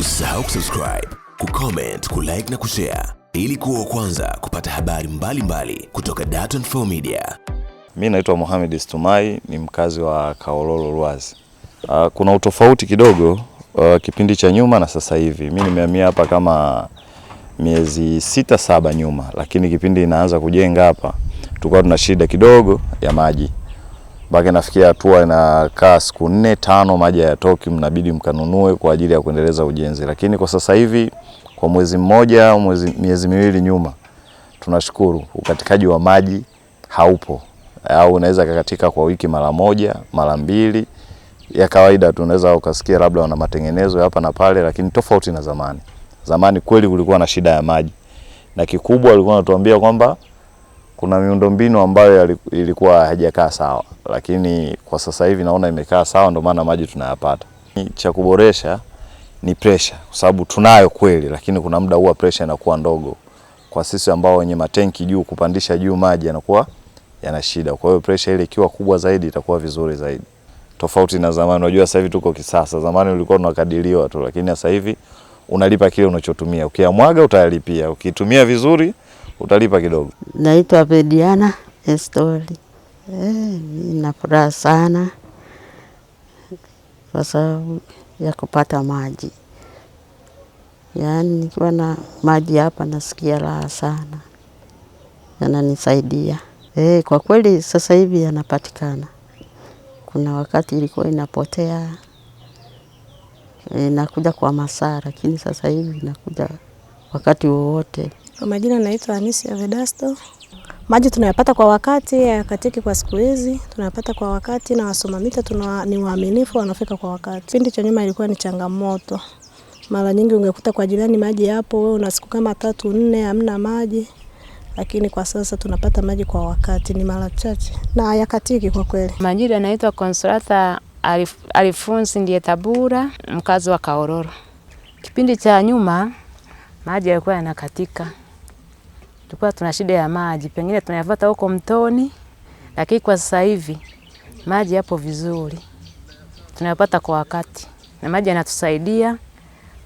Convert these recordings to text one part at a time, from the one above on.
Usisahau kusubscribe, kucomment, kulike na kushare ili kuwa kwanza kupata habari mbalimbali mbali kutoka Dar24 Media. mi naitwa Mohamed Stumai, ni mkazi wa Kaololo Lwazi. Uh, ah, kuna utofauti kidogo uh, kipindi cha nyuma na sasa hivi. mi nimehamia hapa kama miezi sita saba nyuma, lakini kipindi inaanza kujenga hapa tulikuwa tuna shida kidogo ya maji mpaka nafikia hatua inakaa siku nne tano, maji hayatoki, mnabidi mkanunue kwa ajili ya kuendeleza ujenzi. Lakini kwa sasa hivi kwa mwezi mmoja au miezi miwili nyuma, tunashukuru ukatikaji wa maji haupo, au unaweza kakatika kwa wiki mara moja mara mbili ya kawaida tu. Unaweza ukasikia labda wana matengenezo hapa na pale, lakini tofauti na zamani. Zamani kweli kulikuwa na shida ya maji, na kikubwa walikuwa wanatuambia kwamba kuna miundombinu ambayo ilikuwa haijakaa sawa, lakini kwa sasa hivi naona imekaa sawa, ndio maana maji tunayapata. Cha kuboresha ni pressure, kwa sababu tunayo kweli, lakini kuna muda huwa pressure inakuwa ndogo kwa sisi ambao wenye matenki juu, kupandisha juu maji yanakuwa yana shida. Kwa hiyo pressure ile ikiwa kubwa zaidi itakuwa vizuri zaidi, tofauti na zamani. Unajua sasa hivi tuko kisasa, zamani ulikuwa unakadiriwa tu, lakini sasa hivi unalipa kile unachotumia. Ukiamwaga utayalipia, ukitumia vizuri utalipa kidogo. Naitwa Pediana Estoli. Eh, nina furaha sana kwa sababu ya kupata maji, yaani nikiwa na maji hapa nasikia raha sana, yananisaidia eh, kwa kweli. Sasa hivi yanapatikana, kuna wakati ilikuwa inapotea eh, nakuja kwa masaa, lakini sasa hivi inakuja wakati wowote. Kwa majina naitwa Anisia Vedasto. Maji tunayapata kwa wakati, hayakatiki kwa siku hizi, tunayapata kwa wakati na wasoma mita tuna, ni waaminifu, wanafika kwa wakati. Kipindi cha nyuma ilikuwa ni changamoto, mara nyingi ungekuta kwa jirani maji yapo, wewe una siku kama tatu nne hamna maji, lakini kwa sasa tunapata maji kwa wakati, ni mara chache na hayakatiki kwa kweli. Majina naitwa Consolata Alif, Alifunsi ndiye Tabura, mkazi wa Kaororo. Kipindi cha nyuma maji yalikuwa yanakatika tulikuwa tuna shida ya maji, pengine tunayapata huko mtoni, lakini kwa sasa hivi maji yapo vizuri, tunayapata kwa wakati, na maji yanatusaidia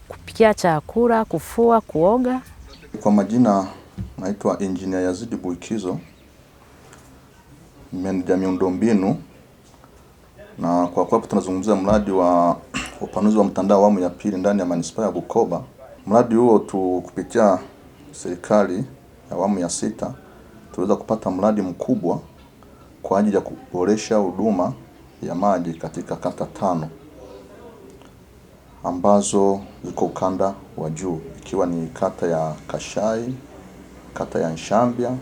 kupikia chakula, kufua, kuoga. Kwa majina naitwa Engineer Yazidi Buikizo, meneja miundombinu, na kwa kuwa tunazungumzia mradi wa upanuzi wa mtandao awamu ya pili ndani ya manispaa ya Bukoba. Mradi huo tu kupitia serikali awamu ya sita tuliweza kupata mradi mkubwa kwa ajili ya kuboresha huduma ya maji katika kata tano ambazo ziko ukanda wa juu ikiwa ni kata ya Kashai, kata ya Nshambya,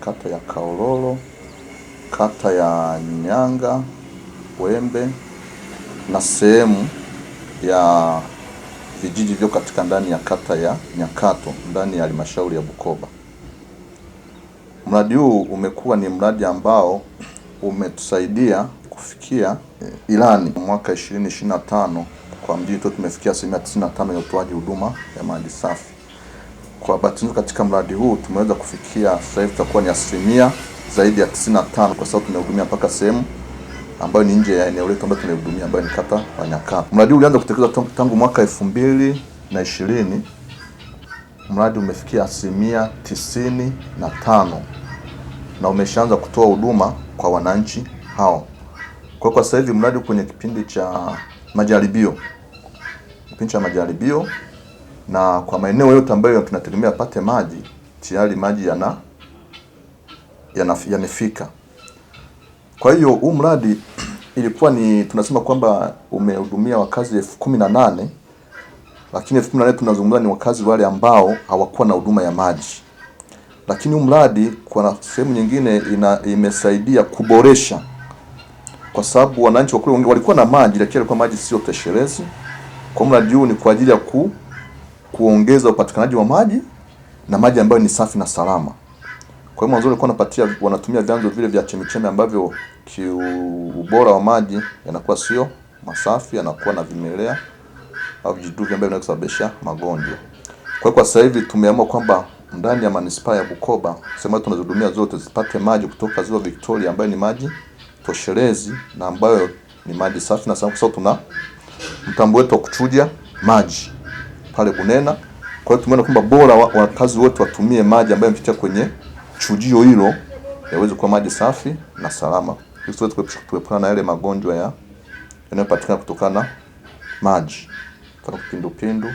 kata ya Kaololo, kata ya Nyanga, Wembe na sehemu ya vijiji vyo katika ndani ya kata ya Nyakato ndani ya halmashauri ya Bukoba. Mradi huu umekuwa ni mradi ambao umetusaidia kufikia eh, ilani mwaka 2025 kwa mjini tu tumefikia asilimia 95 ya utoaji huduma ya maji safi. Kwa bahati nzuri katika mradi huu tumeweza kufikia sasa hivi tutakuwa ni asilimia zaidi ya 95 kwa sababu tumehudumia mpaka sehemu ambayo ni nje ya eneo letu ambayo tumehudumia ambayo ni kata ya Mradi huu ulianza kutekelezwa tangu mwaka 2020 Mradi umefikia asilimia tisini na tano na umeshaanza kutoa huduma kwa wananchi hao. Kwa kwa sasa hivi mradi kwenye kipindi cha majaribio, kipindi cha majaribio, na kwa maeneo yote ambayo tunategemea apate maji, tayari maji yana yamefika. Kwa hiyo huu mradi ilikuwa ni tunasema kwamba umehudumia wakazi elfu kumi na nane lakini elfu kumi na nane tunazungumza ni wakazi wale ambao hawakuwa na huduma ya maji lakini mradi kwa sehemu nyingine ina, imesaidia kuboresha kwa sababu wananchi wakule kule walikuwa na maji lakini yalikuwa maji sio tesherezi. Kwa mradi huu ni kwa ajili ya ku, kuongeza upatikanaji wa maji na maji ambayo ni safi na salama. Kwa hiyo mwanzo walikuwa wanapatia wanatumia vyanzo vile vya chemichemi ambavyo kiubora wa maji yanakuwa sio masafi, yanakuwa na vimelea au vijidudu ambavyo kusababisha magonjwa. Kwa hiyo kwa sasa hivi tumeamua kwamba ndani ya manispaa ya Bukoba, sema tunazihudumia zote zipate maji kutoka ziwa Victoria ambayo ni maji toshelezi na ambayo ni maji safi na sababu tuna mtambo wetu wa kuchuja maji pale Bunena. Kwa hiyo tumeona kwamba bora wakazi wa wote watumie maji ambayo yamepitia kwenye chujio hilo yaweze kuwa maji safi na salama. Ili tuweze kuepukana na yale magonjwa ya yanayopatikana kutokana na maji kama kipindupindu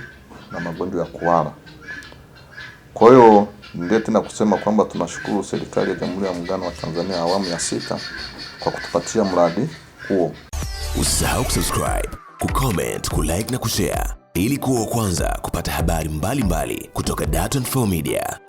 na magonjwa ya kuhara. Kwa hiyo ndio tena kusema kwamba tunashukuru serikali ya Jamhuri ya Muungano wa Tanzania awamu ya sita kwa kutupatia mradi huo. Usisahau kusubscribe, kucomment, kulike na kushare ili kuwa wa kwanza kupata habari mbalimbali mbali kutoka Dar24 Media.